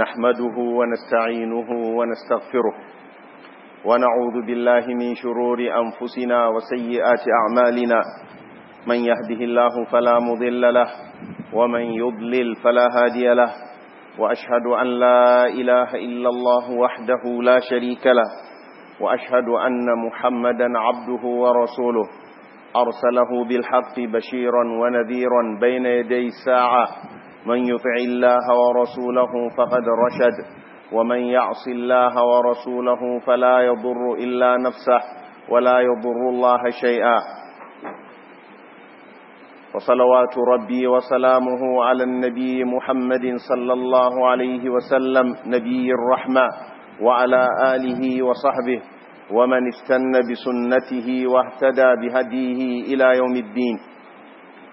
نحمده ونستعينه ونستغفره ونعوذ بالله من شرور أنفسنا وسيئات أعمالنا من يهده الله فلا مضل له ومن يضلل فلا هادي له وأشهد أن لا إله إلا الله وحده لا شريك له وأشهد أن محمدا عبده ورسوله أرسله بالحق بشيرا ونذيرا بين يدي الساعة من يطع الله ورسوله فقد رشد ومن يعص الله ورسوله فلا يضر إلا نفسه ولا يضر الله شيئا وصلوات ربي وسلامه على النبي محمد صلى الله عليه وسلم نبي الرحمة وعلى آله وصحبه ومن استن بسنته واهتدى بهديه إلى يوم الدين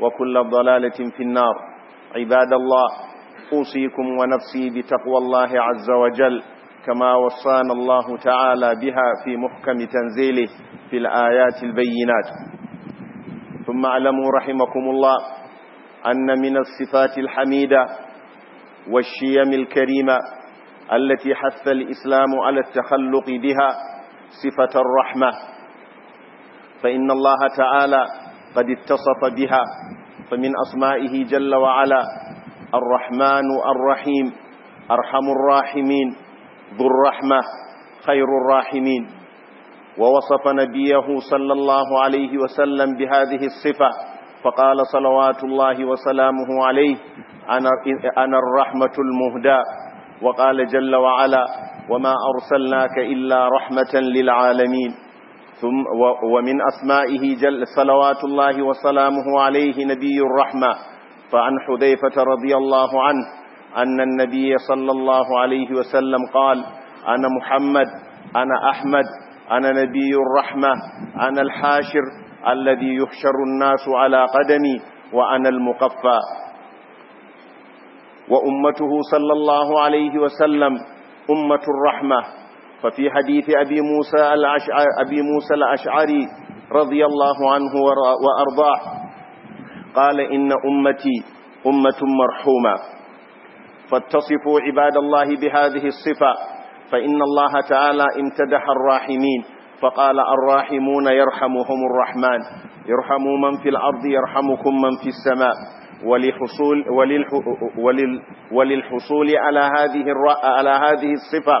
وكل ضلالة في النار عباد الله أوصيكم ونفسي بتقوى الله عز وجل كما وصانا الله تعالى بها في محكم تنزيله في الآيات البينات ثم اعلموا رحمكم الله أن من الصفات الحميدة والشيم الكريمة التي حث الإسلام على التخلق بها صفة الرحمة فإن الله تعالى قد اتصف بها فمن أسمائه جل وعلا الرحمن الرحيم أرحم الراحمين ذو الرحمة خير الراحمين ووصف نبيه صلى الله عليه وسلم بهذه الصفة فقال صلوات الله وسلامه عليه أنا الرحمة المهدى وقال جل وعلا وما أرسلناك إلا رحمة للعالمين ثم ومن أسمائه جل صلوات الله وسلامه عليه نبي الرحمة فعن حذيفة رضي الله عنه أن النبي صلى الله عليه وسلم قال أنا محمد أنا أحمد أنا نبي الرحمة أنا الحاشر الذي يحشر الناس على قدمي وأنا المقفى وأمته صلى الله عليه وسلم أمة الرحمة ففي حديث أبي موسى الأشعري, أبي موسى الأشعري رضي الله عنه وأرضاه قال إن أمتي أمة مرحومة فاتصفوا عباد الله بهذه الصفة فإن الله تعالى امتدح الراحمين فقال الراحمون يرحمهم الرحمن يرحموا من في الأرض يرحمكم من في السماء ولحصول ولل وللحصول على هذه على هذه الصفة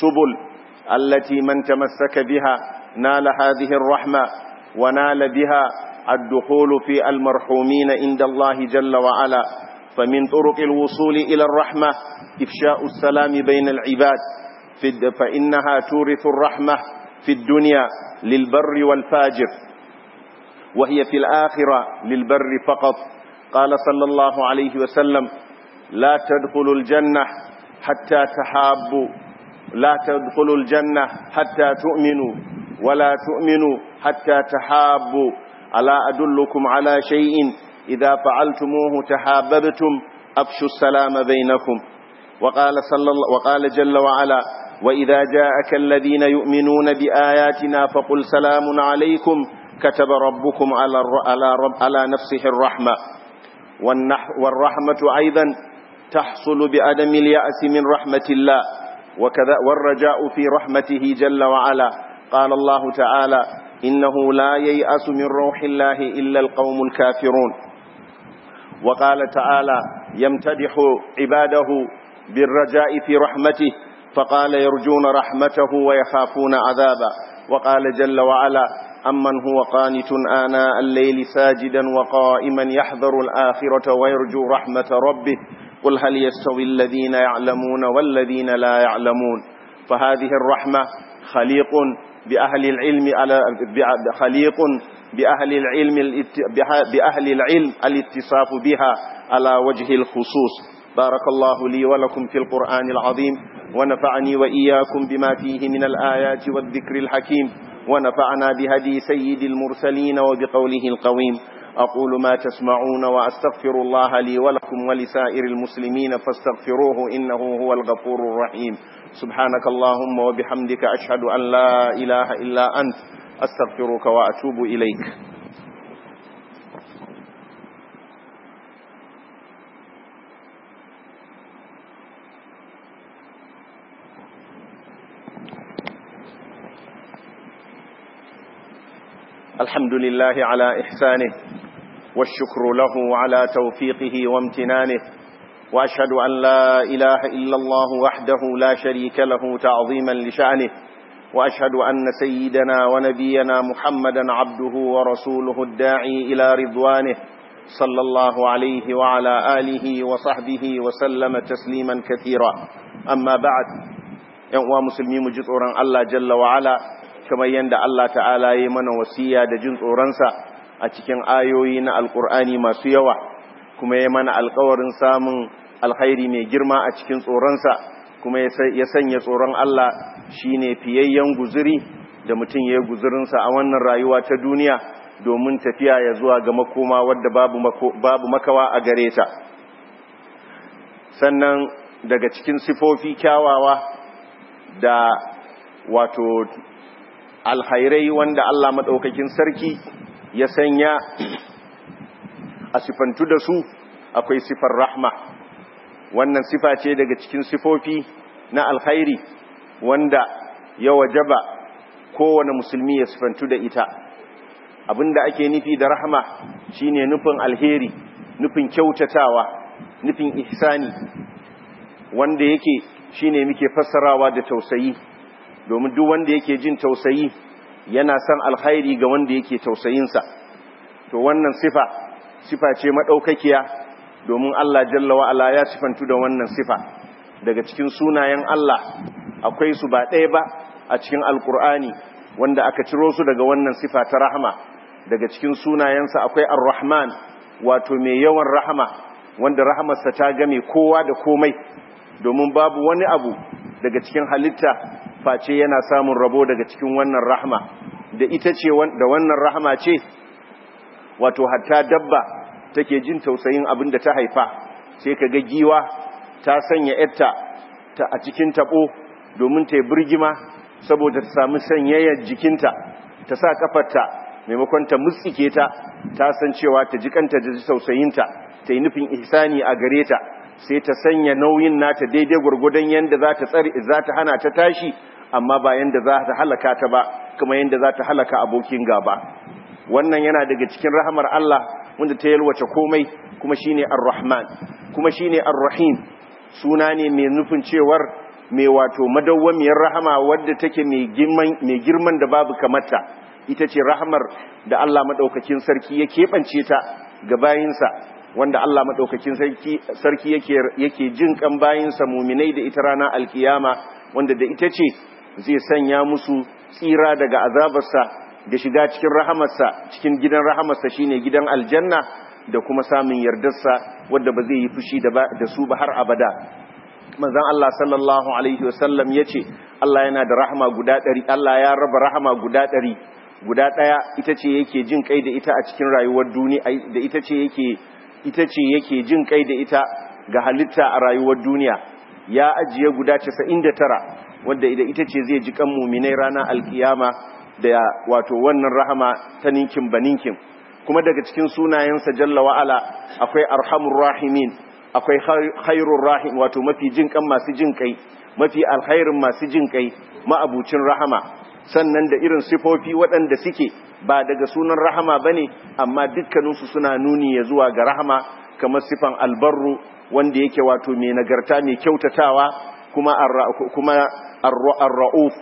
سبل التي من تمسك بها نال هذه الرحمة ونال بها الدخول في المرحومين عند الله جل وعلا فمن طرق الوصول إلى الرحمة إفشاء السلام بين العباد فإنها تورث الرحمة في الدنيا للبر والفاجر وهي في الآخرة للبر فقط قال صلى الله عليه وسلم لا تدخلوا الجنة حتى تحابوا لا تدخلوا الجنة حتى تؤمنوا ولا تؤمنوا حتى تحابوا ألا أدلكم على شيء إذا فعلتموه تحاببتم أفشوا السلام بينكم وقال, صلى الله وقال جل وعلا وإذا جاءك الذين يؤمنون بآياتنا فقل سلام عليكم كتب ربكم على, على, رب على نفسه الرحمة والرحمة أيضا تحصل بعدم اليأس من رحمة الله وكذا والرجاء في رحمته جل وعلا قال الله تعالى إنه لا ييأس من روح الله إلا القوم الكافرون وقال تعالى يمتدح عباده بالرجاء في رحمته فقال يرجون رحمته ويخافون عذابا وقال جل وعلا أمن هو قانت آناء الليل ساجدا وقائما يحذر الآخرة ويرجو رحمة ربه قل هل يستوي الذين يعلمون والذين لا يعلمون فهذه الرحمة خليق بأهل العلم على خليق بأهل العلم بأهل العلم الاتصاف بها على وجه الخصوص بارك الله لي ولكم في القرآن العظيم ونفعني وإياكم بما فيه من الآيات والذكر الحكيم ونفعنا بهدي سيد المرسلين وبقوله القويم أقول ما تسمعون وأستغفر الله لي ولكم ولسائر المسلمين فاستغفروه إنه هو الغفور الرحيم سبحانك اللهم وبحمدك أشهد أن لا إله إلا أنت أستغفرك وأتوب إليك الحمد لله على إحسانه والشكر له على توفيقه وامتنانه وأشهد أن لا إله إلا الله وحده لا شريك له تعظيما لشأنه وأشهد أن سيدنا ونبينا محمدا عبده ورسوله الداعي إلى رضوانه صلى الله عليه وعلى آله وصحبه وسلم تسليما كثيرا أما بعد ‘yan'uwa musulmi mu الله جل وعلا كما يندى الله تعالى يمن ta'ala yi mana a cikin ayoyi na alkur'ani masu yawa kuma ya mana alkawarin samun alkhairi mai girma a cikin tsoronsa kuma ya sanya tsoron Allah shine fiyayyen guzuri da mutum ya guzurinsa a wannan rayuwa ta duniya domin tafiya ya zuwa ga makoma wadda babu makawa a gare ta sannan daga cikin sifofi kyawawa da wato alhairai wanda Allah maɗaukakin sarki ya sanya a sifantu da su akwai sifar rahma wannan sifa ce daga cikin sifofi na alkhairi wanda ya wajaba kowane musulmi ya sifantu da ita abinda ake nufi da rahma shine nufin alheri nufin kyautatawa nufin ihsani wanda yake shine muke fassarawa da tausayi domin duk wanda yake jin tausayi yana san alkhairi ga wanda yake tausayinsa to wannan sifa sifa ce madaukakiya domin Allah jalla wa ala ya sifantu da wannan sifa daga cikin sunayen Allah akwai su ba ɗaya ba a cikin alkur'ani wanda aka ciro su daga wannan sifa ta rahama daga cikin sunayensa akwai ar-rahman wato mai yawan rahama wanda rahamarsa ta game kowa da komai domin babu wani abu daga cikin halitta face yana samun rabo daga cikin wannan rahma da ita ce da wannan rahama ce wato hatta dabba take jin tausayin abin da ta haifa sai ka ga giwa ta sanya yarta ta a cikin tabo domin ta yi birgima saboda ta samu sanyayyar jikinta ta sa kafarta maimakon ta mutsike ta ta san cewa ta ji kanta da tausayinta ta yi nufin ihsani a gare ta sai ta sanya nauyin nata daidai gwargwadon yadda za ta tsari za ta hana ta tashi amma ba yadda za ta halaka ta ba kuma yadda za ta halaka abokin gaba wannan yana daga cikin rahamar Allah wanda ta yalwace komai kuma shine ar-rahman kuma shine ar-rahim suna ne mai nufin cewar mai wato madawwamiyar rahama wadda take mai girman mai girman da babu kamata ita ce rahamar da Allah madaukakin sarki ya keɓance ta ga bayinsa wanda Allah maɗaukakin sarki yake jin kan bayinsa muminai da ita rana alkiyama wanda da ita ce zai sanya musu tsira daga azabarsa da shiga cikin rahamarsa cikin gidan rahamarsa shine gidan aljanna da kuma samun yardarsa wadda ba zai yi fushi da su ba har abada manzon Allah sallallahu alaihi wasallam yace Allah yana da rahama guda ɗari. Allah ya raba rahama guda ɗari. guda ɗaya ita ce yake jin kai da ita a cikin rayuwar duniya da ita ce yake ita ce yake jin kai da ita ga halitta a rayuwar duniya ya ajiye guda 99 wadda ita ce zai ji kan muminai ranar alkiyama da wato wannan rahama ta ninkin baninkin kuma daga cikin sunayensa jalla wa'ala akwai arhamur rahimin akwai khairur rahim wato mafi jin kan masu jin kai mafi alkhairin masu jin kai ma'abucin rahama sannan da irin sifofi waɗanda suke ba daga sunan rahama ba ne. amma dukkaninsu suna nuni ya zuwa ga rahama kamar sifan albarru wanda yake wato mai nagarta mai kyautatawa kuma ar-ra'uf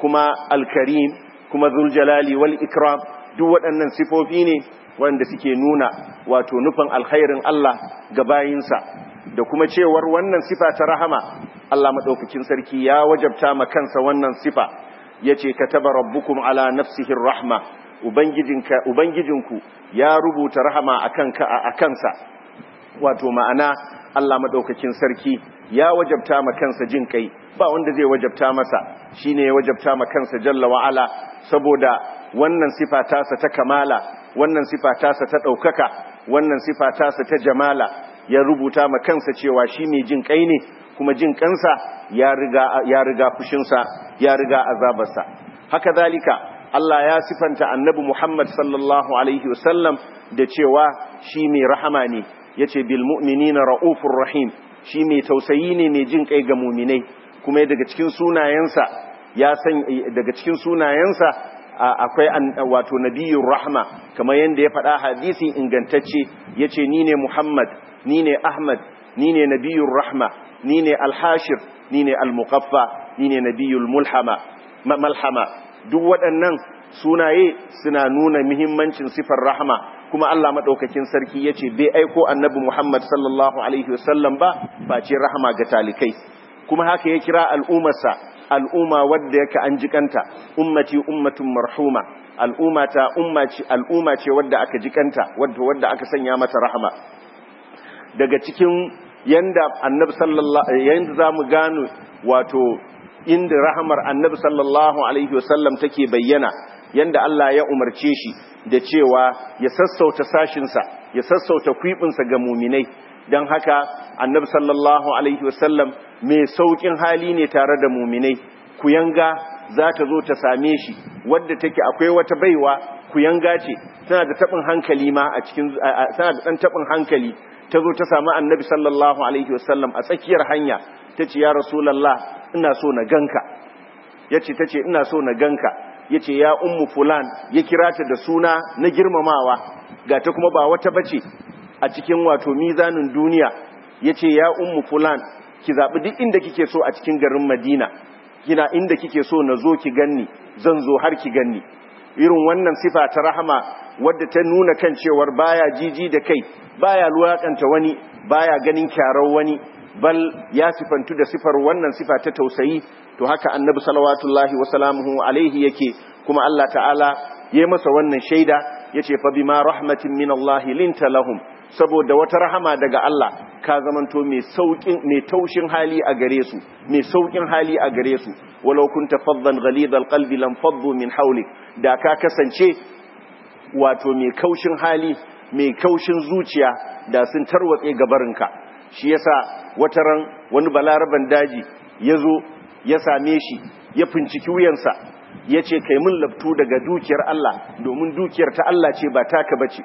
kuma al-karim kuma zuljalali wal ikram duk waɗannan sifofi ne wanda suke nuna wato nufin alkhairin Allah ga bayinsa da kuma cewar wannan sifa ta rahama Allah madaukakin sarki ya wajabta ma kansa wannan sifa yace kataba rabbukum ala nafsihi rahma ubangijinka ubangijinku ya rubuta rahama akan ka akansa wato ma'ana Allah madaukakin sarki ya wajabta ma kansa jin kai ba wanda zai wajabta masa shine ya wajabta ma kansa jalla wa ala saboda wannan sifata sa ta kamala wannan sifata sa ta daukaka wannan sifata sa ta jamala ya rubuta ma kansa cewa shi mai jin kai ne kuma jin kansa ya riga ya riga fushinsa ya riga azabarsa haka zalika Allah ya sifanta annabi Muhammad sallallahu alaihi wasallam da cewa shi mai rahama ne yace bil mu'minina raufur rahim shi mai tausayi ne mai jin kai ga mu'minai kuma daga cikin sunayensa ya san daga cikin sunayensa akwai wato nabiyur rahma kamar yadda ya faɗa hadisi ingantacce yace ni ne muhammad ni ne ahmad ni ne nabiyur rahma ni ne alhashir ni ne almuqaffa ni ne nabiyul malhama duk waɗannan sunaye suna nuna muhimmancin sifar rahma kuma Allah madaukakin sarki yace bai aiko annabi Muhammad sallallahu alaihi wasallam ba face rahama ga talikai kuma haka ya kira al'umarsa al'umma wadda yake an jikanta ummati ummatun marhuma al'umma ta ce al'umma ce wadda aka jikanta wadda wadda aka sanya mata rahama daga cikin yanda annabi sallallahu yanda zamu gano wato inda rahamar annabi sallallahu alaihi wasallam take bayyana yanda Allah ya umarce shi da cewa ya sassauta sashinsa ya sassauta kwibinsa ga muminai don haka annabi sallallahu alaihi wasallam mai saukin hali ne tare da muminai ku yanga za ta zo ta same shi wadda take akwai wata baiwa ku yanga ce tana da tabin hankali ma a cikin tana da dan tabin hankali ta zo ta samu annabi sallallahu alaihi wasallam a tsakiyar hanya ta ce ya rasulallah ina so na ganka ya ce ta ce ina so na ganka ya ce ya ummu fulan ya kira ta da suna na girmamawa ga ta kuma ba wata bace a cikin wato mizanin duniya ya ce ya ummu fulan ki zaɓi duk inda kike so a cikin garin madina kina inda kike so na zo ki ganni zan zo har ki ganni irin wannan sifa ta rahama wadda ta nuna kan cewar baya jiji da kai baya luwaƙanta wani baya ganin kyarar wani bal ya sifantu da sifar wannan sifa ta tausayi to haka annabi salawatullahi wa salamuhu alaihi yake kuma Allah ta'ala yayi masa wannan shaida yace fa bima rahmatin min Allah linta lahum saboda wata rahama daga Allah ka zamanto mai saukin mai taushin hali a gare su mai saukin hali a gare su walau kunta faddan ghalid alqalbi lam faddu min hawlik da ka kasance wato mai kaushin hali mai kaushin zuciya da sun tarwatse gabarinka shi yasa wataran wani balaraban daji ya zo ya same shi ya finciki wuyansa ya ce kai min labtu daga dukiyar Allah domin dukiyar ta Allah ce ba taka ba ce.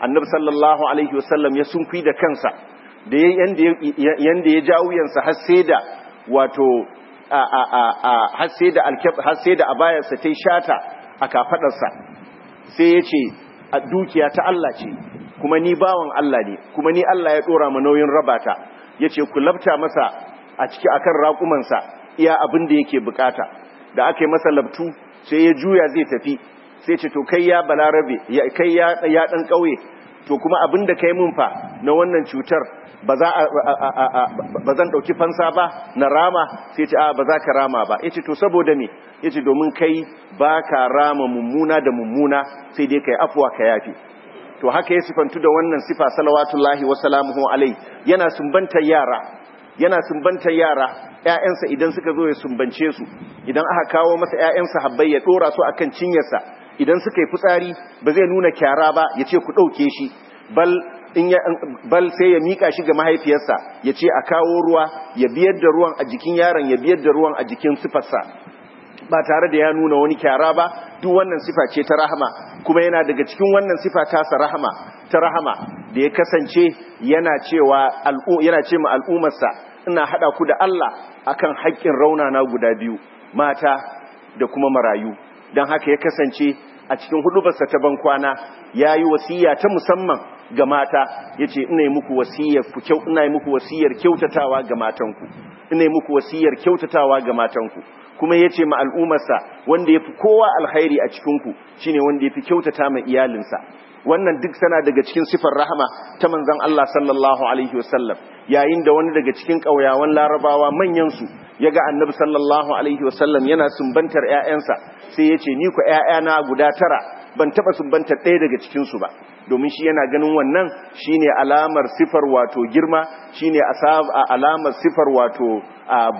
annabi sallallahu alaihi wasallam ya sunkwi da kansa da yanda ya ja wuyansa har sai da wato har sai da har sai da abayarsa ta shata a kafadarsa sai ya ce dukiya ta Allah ce kuma ni bawan Allah ne kuma ni Allah ya dora ma nauyin rabata yace ku labta masa a ciki akan raƙumansa iya abin da yake bukata da aka yi masa labtu sai ya juya zai tafi sai ce to kai ya balarabe kai ya dan kauye to kuma abin da kai mun fa na wannan cutar ba za zan dauki fansa ba na rama sai ce a ba za ka rama ba yace to saboda me yace domin kai ba ka rama mummuna da mummuna sai dai kai afwa ka yafi to haka ya sifantu da wannan sifa salawatullahi wa alai yana sumbantar yara yana sumbantar yara ‘ya'yansa idan suka zo ya sumbance su idan aka kawo masa ‘ya'yansa habbai ya ɗora su akan cinyarsa idan suka yi fitsari ba zai nuna kyara ba ya ce ku ɗauke shi bal bal sai ya mika shi ga mahaifiyarsa ya ce a kawo ruwa ya biyar da ruwan a jikin yaron ya biyar da ruwan a jikin sifarsa ba tare da ya nuna wani kyara ba duk wannan sifa ce ta rahama kuma yana daga cikin wannan sifa tasa rahama ta rahama da ya kasance yana cewa yana ce ma al'umarsa ina hada ku da Allah akan haƙƙin raunana guda biyu mata da kuma marayu don haka ya kasance a cikin hudubarsa ta bankwana ya yi wasiya ta musamman ga mata ya ce ina yi muku wasiyar kyautatawa ga matanku ina yi muku wasiyar kyautatawa ga matanku kuma yace ma al'umarsa wanda ya fi kowa alhairi a cikinku shine wanda ya fi kyautata ma iyalinsa wannan duk tana daga cikin sifar rahama ta manzon Allah sallallahu alaihi wasallam yayin da wani daga cikin ƙauyawan larabawa manyan su ya ga annabi sallallahu alaihi wasallam yana sumbantar ƴaƴansa sai yace ni ku ƴaƴana guda tara ban taɓa sumbantar ɗaya daga cikinsu ba domin shi yana ganin wannan shine alamar sifar wato girma shine alamar sifar wato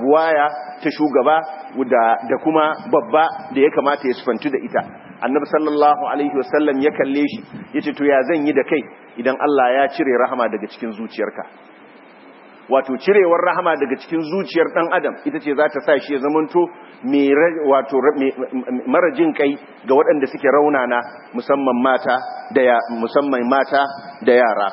buwaya ta shugaba da kuma babba da ya kamata ya sufantu da ita annabi sallallahu alaihi wasallam ya kalle shi yace to ya zan yi da kai idan Allah ya cire rahama daga cikin zuciyarka wato cirewar rahama daga cikin zuciyar dan adam ita ce za ta sa shi ya zamanto wato mara jin kai ga waɗanda suke raunana musamman mata da musamman mata da yara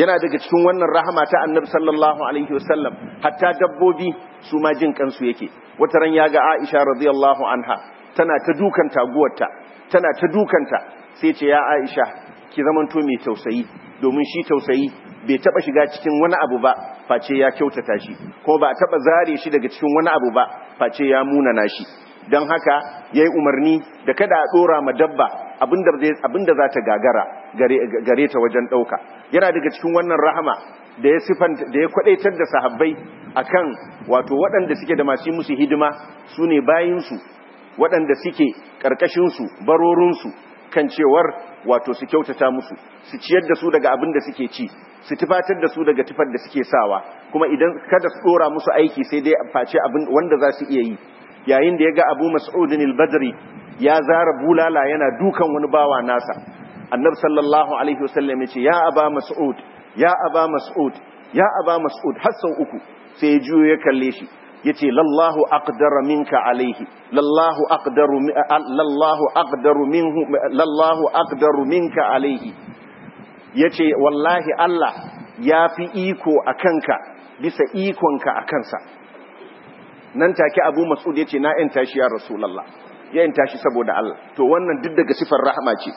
yana daga cikin wannan rahama ta annabi sallallahu alaihi wasallam hatta dabbobi su ma jin kansu yake wata ran ya ga Aisha radiyallahu anha tana ta dukan taguwarta tana ta dukanta sai ce ya aisha ki zamanto mai tausayi domin shi tausayi bai taba shiga cikin wani abu ba face ya kyautata shi ko ba taba zare shi daga cikin wani abu ba face ya na shi don haka ya yi umarni da kada a dora ma dabba abinda za ta gagara gare ta wajen ɗauka yana daga cikin wannan rahama da ya sifanta da ya kwadaitar da sahabbai akan wato waɗanda suke da masu musu hidima su ne bayinsu waɗanda suke ƙarƙashinsu barorinsu kan cewar wato su kyautata musu su ciyar da su daga abin da suke ci su tufatar da su daga tufar da suke sawa kuma idan kada su ɗora musu aiki sai dai face abin wanda za su iya yi yayin da ya ga abu mas'udin al-badri ya zara bulala yana dukan wani bawa nasa annab sallallahu alaihi wasallam ce ya aba mas'ud ya aba mas'ud ya aba mas'ud har sau uku sai ya juyo ya kalle shi yace lallahu aqdara minka alaihi lallahu aqdaru minka alaihi yace wallahi Allah ya fi iko akanka bisa ikonka akansa nan take Abu Mas'ud yace na yanta shi ya Rasulullah ya yanta shi saboda Allah to wannan duk daga sifar rahama ce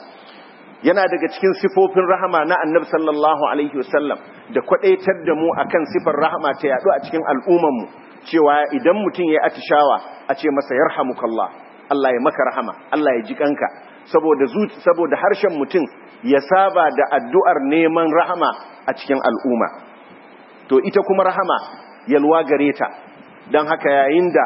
yana daga cikin sifofin rahama na annabi sallallahu alaihi wasallam da kwadaitar da mu akan sifar rahama ta yadu a cikin al'umman mu cewa idan mutum ya atishawa a ce masa yarhamukallah Allah ya maka rahama Allah ya ji kanka saboda zuci saboda harshen mutum ya saba da addu'ar neman rahama a cikin al'umma to ita kuma rahama yalwa gare ta don haka yayin da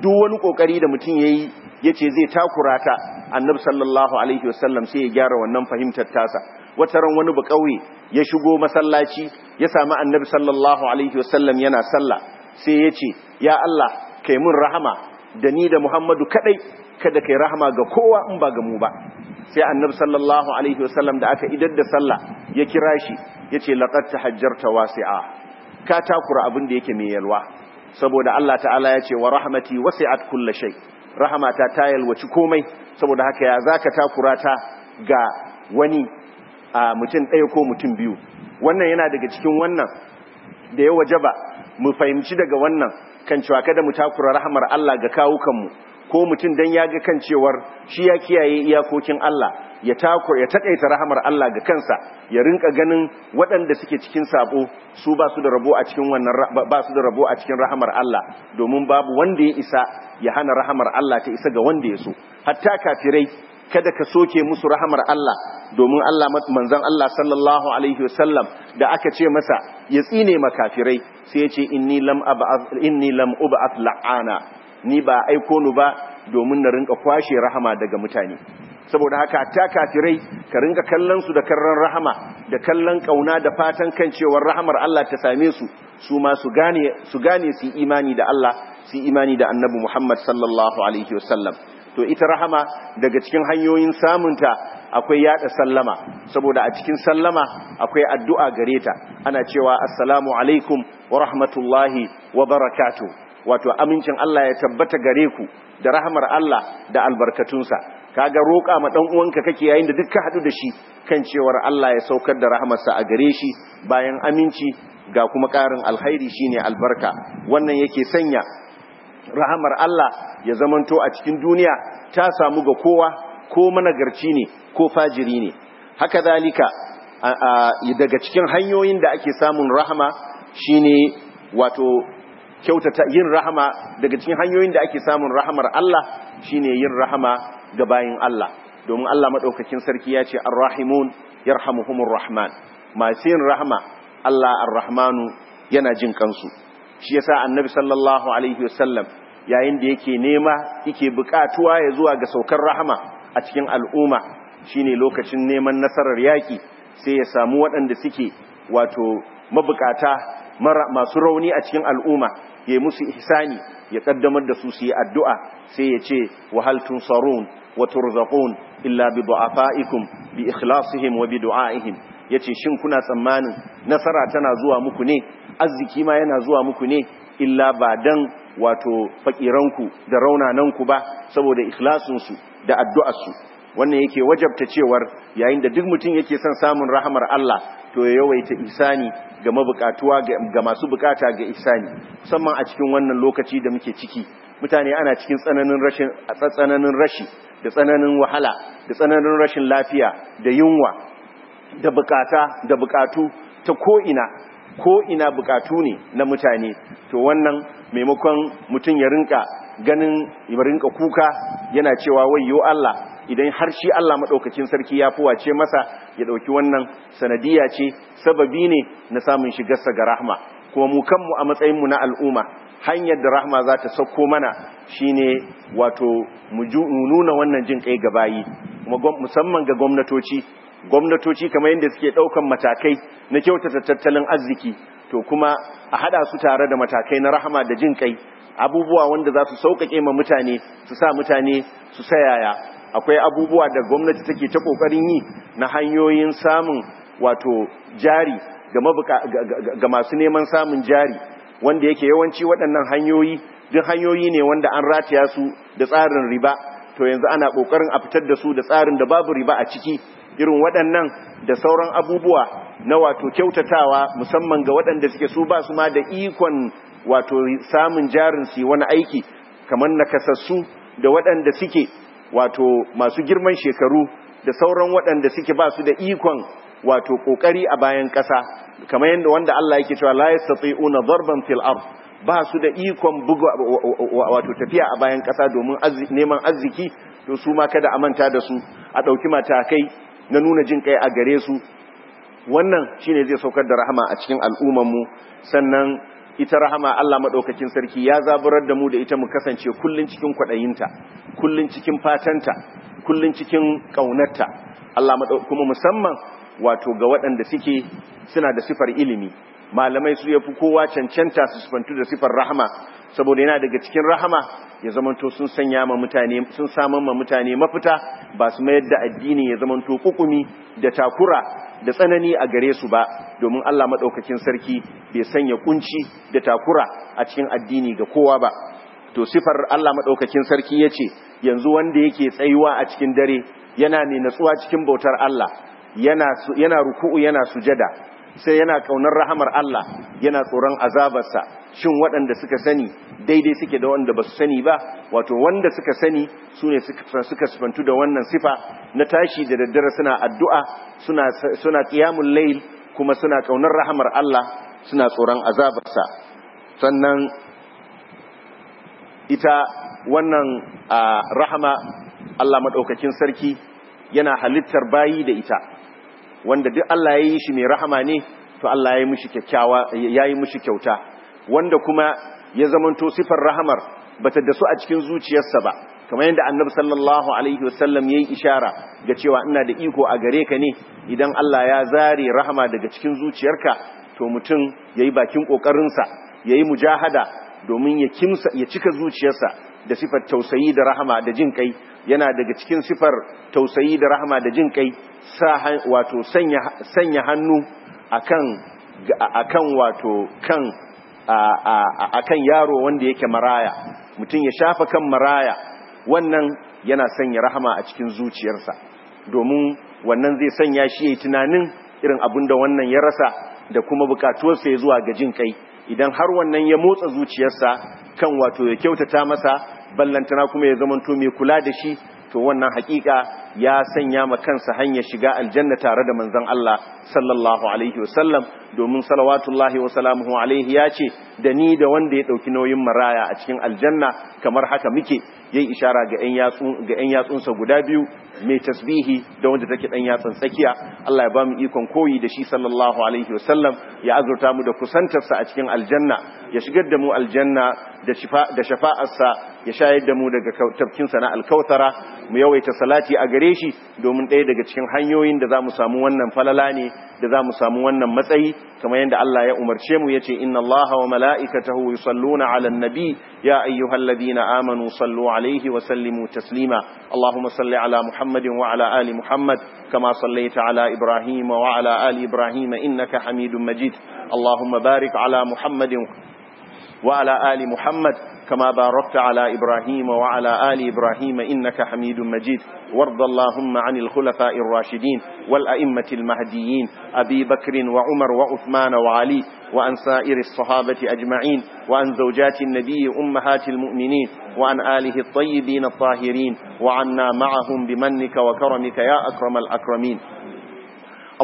duk wani kokari da mutum yayi yace zai takura ta annabi sallallahu alaihi wasallam sai ya gyara wannan fahimtar tasa wata ran wani bakauye ya shigo masallaci ya samu annabi sallallahu alaihi wasallam yana sallah sai yace ya Allah kai mun rahama da ni da Muhammadu kadai kada kai rahama ga kowa in ba ga mu ba sai annabi sallallahu alaihi wasallam da aka idar da sallah ya kira shi yace laqad tahajjarta wasi'a ka takura abin da yake mai yalwa saboda Allah ta'ala ya ce wa rahmati wasi'at kulli shay' Rahama ta yalwaci komai saboda haka ya zaka takura ta ga wani a mutum ɗaya ko mutum biyu wannan yana daga cikin wannan da ya wajaba mu fahimci daga wannan kan cewa kada mu takura rahamar Allah ga kawukanmu ko mutum dan ya ga kan cewar shi ya kiyaye iyakokin Allah ya tako ya takaita rahamar Allah ga kansa ya rinka ganin waɗanda suke cikin sabo su ba su da rabo a cikin wannan ba su da rabo a cikin rahamar Allah domin babu wanda ya isa ya hana rahamar Allah ta isa ga wanda ya so hatta kafirai kada ka soke musu rahamar Allah domin Allah manzon Allah sallallahu alaihi wasallam da aka ce masa ya tsine makafirai sai ya ce inni lam ab'ath inni lam ub'ath la'ana ni ba aiko ni ba domin na rinka kwashe rahama daga mutane saboda haka ta kafirai ka ringa kallon su da karran rahama da kallon kauna da fatan kan cewar rahamar Allah ta same su su ma su gane su gane su imani da Allah su imani da Annabi Muhammad sallallahu alaihi wasallam to ita rahama daga cikin hanyoyin samunta akwai yada sallama saboda a cikin sallama akwai addu'a gare ta ana cewa assalamu alaikum wa rahmatullahi wa barakatuh wato amincin Allah ya tabbata gare ku da rahamar Allah da albarkatunsa kaga roƙa ma dan uwanka kake yayin da duk ka hadu da shi kan cewar Allah ya saukar da rahamarsa a gare shi bayan aminci ga kuma ƙarin alkhairi shine albarka wannan yake sanya rahamar Allah ya zamanto a cikin duniya ta samu ga kowa ko managarci ne ko fajiri ne haka zalika daga cikin hanyoyin da ake samun rahama shine wato kyautata yin rahama daga cikin hanyoyin da ake samun rahamar Allah shine yin rahama ga bayin Allah domin Allah madaukakin sarki ya ce arrahimun yarhamuhumur rahman masu yin rahma Allah arrahmanu yana jin kansu shi yasa annabi sallallahu alaihi wasallam yayin da yake nema yake bukatuwa ya zuwa ga saukar rahama a cikin al'umma shine lokacin neman nasarar yaki sai ya samu waɗanda suke wato mabukata masu rauni a cikin al'umma ya musu ihsani ya kaddamar da su su yi addu'a sai ya ce wahal sarun وترزقون إلا بضعفائكم بإخلاصهم وبدعائهم yace shin kuna tsammanin nasara tana zuwa muku ne arziki ma yana zuwa muku ne illa ba dan wato fakiranku da raunananku ba saboda ikhlasinsu da addu'arsu wannan yake wajabta cewar yayin da duk mutum yake son samun rahamar Allah to ya yawaita isani ga mabukatuwa ga masu bukata ga isani musamman a cikin wannan lokaci da muke ciki mutane ana cikin tsananin rashin tsananin rashi da tsananin wahala da tsananin rashin lafiya da yunwa da bukata da bukatu ta ko'ina ko'ina bukatu ne na mutane to wannan maimakon mutum ya rinka ganin ya rinka kuka yana cewa wai yo Allah idan har shi Allah maɗaukacin sarki ya wace masa ya ɗauki wannan sanadiyya ce sababi ne na samun shigar sa ga rahma kuma mu kanmu a matsayin mu na al'umma hanyar da Rahma za ta sauko mana shi ne wato nuna wannan jin kai ga bayi musamman ga gwamnatoci gwamnatoci kamar yadda suke daukan matakai na kyautata tattalin arziki to kuma a hada su tare da matakai na rahama da jin kai abubuwa wanda za su sauƙaƙe ma mutane su sa mutane su sayaya akwai abubuwa da gwamnati take ta ƙoƙarin yi na hanyoyin samun wato jari ga masu neman samun jari wanda yake yawanci waɗannan hanyoyi duk hanyoyi ne wanda an rataya su da tsarin riba to yanzu ana kokarin a fitar da su da tsarin da babu riba a ciki irin waɗannan da sauran abubuwa na wato kyautatawa musamman ga waɗanda suke su ba su ma da ikon wato samun jarin su wani aiki kamar nakasassu da waɗanda suke wato masu girman shekaru da sauran waɗanda suke ba su da ikon wato kokari a bayan ƙasa kamar yadda wanda Allah yake cewa la yastati'una darban fil ard ba su da ikon buga wato tafiya a bayan ƙasa domin neman arziki to su ma kada a manta da su a ɗauki matakai na nuna jin kai a gare su wannan shine zai saukar da rahama a cikin mu sannan ita rahama Allah maɗaukakin sarki ya zaburar da mu da ita mu kasance kullun cikin kwaɗayinta kullun cikin fatanta kullun cikin ƙaunarta Allah kuma musamman wato ga waɗanda suke suna da sifar ilimi malamai su yafi kowa cancanta su sifantu da sifar rahama saboda yana daga cikin rahama ya zamanto sun sanya ma mutane sun saman ma mutane mafita ba su mayar da addini ya zamanto kukumi da takura da tsanani a gare su ba domin Allah madaukakin sarki bai sanya kunci da takura a cikin addini ga kowa ba to sifar Allah madaukakin sarki yace yanzu wanda yake tsayuwa a cikin dare yana ne natsuwa cikin bautar Allah yana ruku'u yana sujada sai yana kaunar rahamar Allah yana tsoron azabarsa shin waɗanda suka sani daidai suke da wanda ba su sani ba wato wanda suka sani su ne suka sifantu da wannan sifa na tashi da daddare suna addu'a suna ƙiyamun lail kuma suna kaunar rahamar Allah suna tsoron azabarsa sannan ita wannan rahama Allah maɗaukakin sarki yana halittar bayi da ita wanda duk Allah ya yi shi mai rahama ne to Allah ya yi mishi kyakkyawa ya yi mishi kyauta wanda kuma ya zamanto sifar rahamar bata da su a cikin zuciyarsa ba kamar yadda annabi sallallahu alaihi wasallam yayi ishara ga cewa ina da iko a gare ka ne idan Allah ya zare rahama daga cikin zuciyarka to mutum yayi bakin kokarin sa yayi mujahada domin ya kimsa ya cika zuciyarsa da sifar tausayi da rahama da jin kai yana daga cikin sifar tausayi da rahama da jin kai wato sanya sanya hannu akan akan wato kan akan yaro wanda yake maraya mutum ya shafa kan maraya wannan yana sanya rahama a cikin zuciyarsa domin wannan zai sanya shi yayi tunanin irin abin wannan ya rasa da kuma bukatuwarsa ya zuwa ga jin kai idan har wannan ya motsa zuciyarsa kan wato ya kyautata masa ballantana kuma ya zamanto mai kula da shi to wannan hakika ya sanya ma kansa hanya shiga aljanna tare da manzon Allah sallallahu alaihi wasallam domin salawatullahi wa salamuhu alaihi ya ce da ni da wanda ya dauki nauyin maraya a cikin aljanna kamar haka muke yayi ishara ga ƴan yatsun ga ƴan yatsunsa guda biyu mai tasbihi da wanda take dan yatsan tsakiya Allah ya ba mu ikon koyi da shi sallallahu alaihi wasallam ya azurta mu da kusantarsa a cikin aljanna ya shigar da mu aljanna da shifa da shafa'arsa ya shayar da mu daga tafkinsa na alkautara mu yawaita salati a gare shi domin ɗaya daga cikin hanyoyin da za mu samu wannan falala ne da za mu samu wannan matsayi kamar yadda Allah ya umarce mu yace inna Allaha wa mala'ikatahu yusalluna 'alan nabi ya ayyuhalladhina amanu sallu 'alaihi wa sallimu taslima Allahumma salli 'ala Muhammad محمد وعلى آل محمد كما صليت على إبراهيم وعلى آل إبراهيم إنك حميد مجيد اللهم بارك على محمد وعلى آل محمد كما باركت على إبراهيم وعلى آل إبراهيم إنك حميد مجيد وارض اللهم عن الخلفاء الراشدين والأئمة المهديين أبي بكر وعمر وعثمان وعلي وعن سائر الصحابة أجمعين وعن زوجات النبي أمهات المؤمنين وعن آله الطيبين الطاهرين وعنا معهم بمنك وكرمك يا أكرم الأكرمين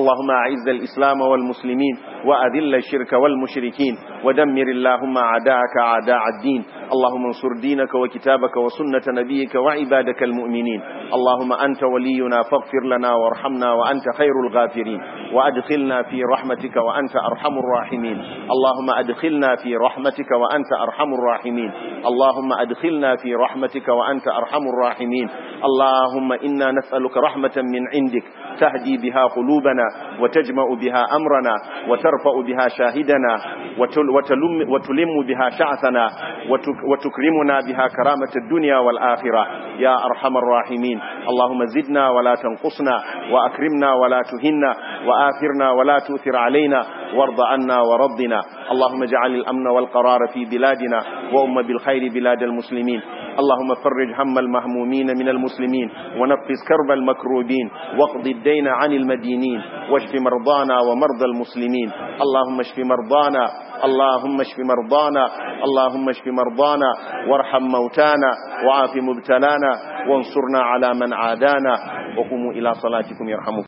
اللهم أعز الإسلام والمسلمين وأذل الشرك والمشركين ودمر اللهم أعداءك أعداء الدين اللهم انصر دينك وكتابك وسنة نبيك وعبادك المؤمنين اللهم أنت ولينا فاغفر لنا وارحمنا وأنت خير الغافرين وأدخلنا في رحمتك وأنت أرحم الراحمين اللهم أدخلنا في رحمتك وأنت أرحم الراحمين اللهم أدخلنا في رحمتك وأنت أرحم الراحمين اللهم إنا نسألك رحمة من عندك تهدي بها قلوبنا وتجمع بها أمرنا وترفع بها شاهدنا وتلم, وتلم بها شعثنا وتكرمنا بها كرامة الدنيا والآخرة يا أرحم الراحمين اللهم زدنا ولا تنقصنا وأكرمنا ولا تهنا وآثرنا ولا تؤثر علينا وارض عنا وربنا اللهم اجعل الأمن والقرار في بلادنا وأم بالخير بلاد المسلمين اللهم فرج هم المهمومين من المسلمين ونفس كرب المكروبين واقض الدين عن المدينين واشف مرضانا ومرضى المسلمين اللهم اشف مرضانا اللهم اشف مرضانا اللهم اشف مرضانا وارحم موتانا وعاف مبتلانا وانصرنا على من عادانا وقوموا إلى صلاتكم يرحمكم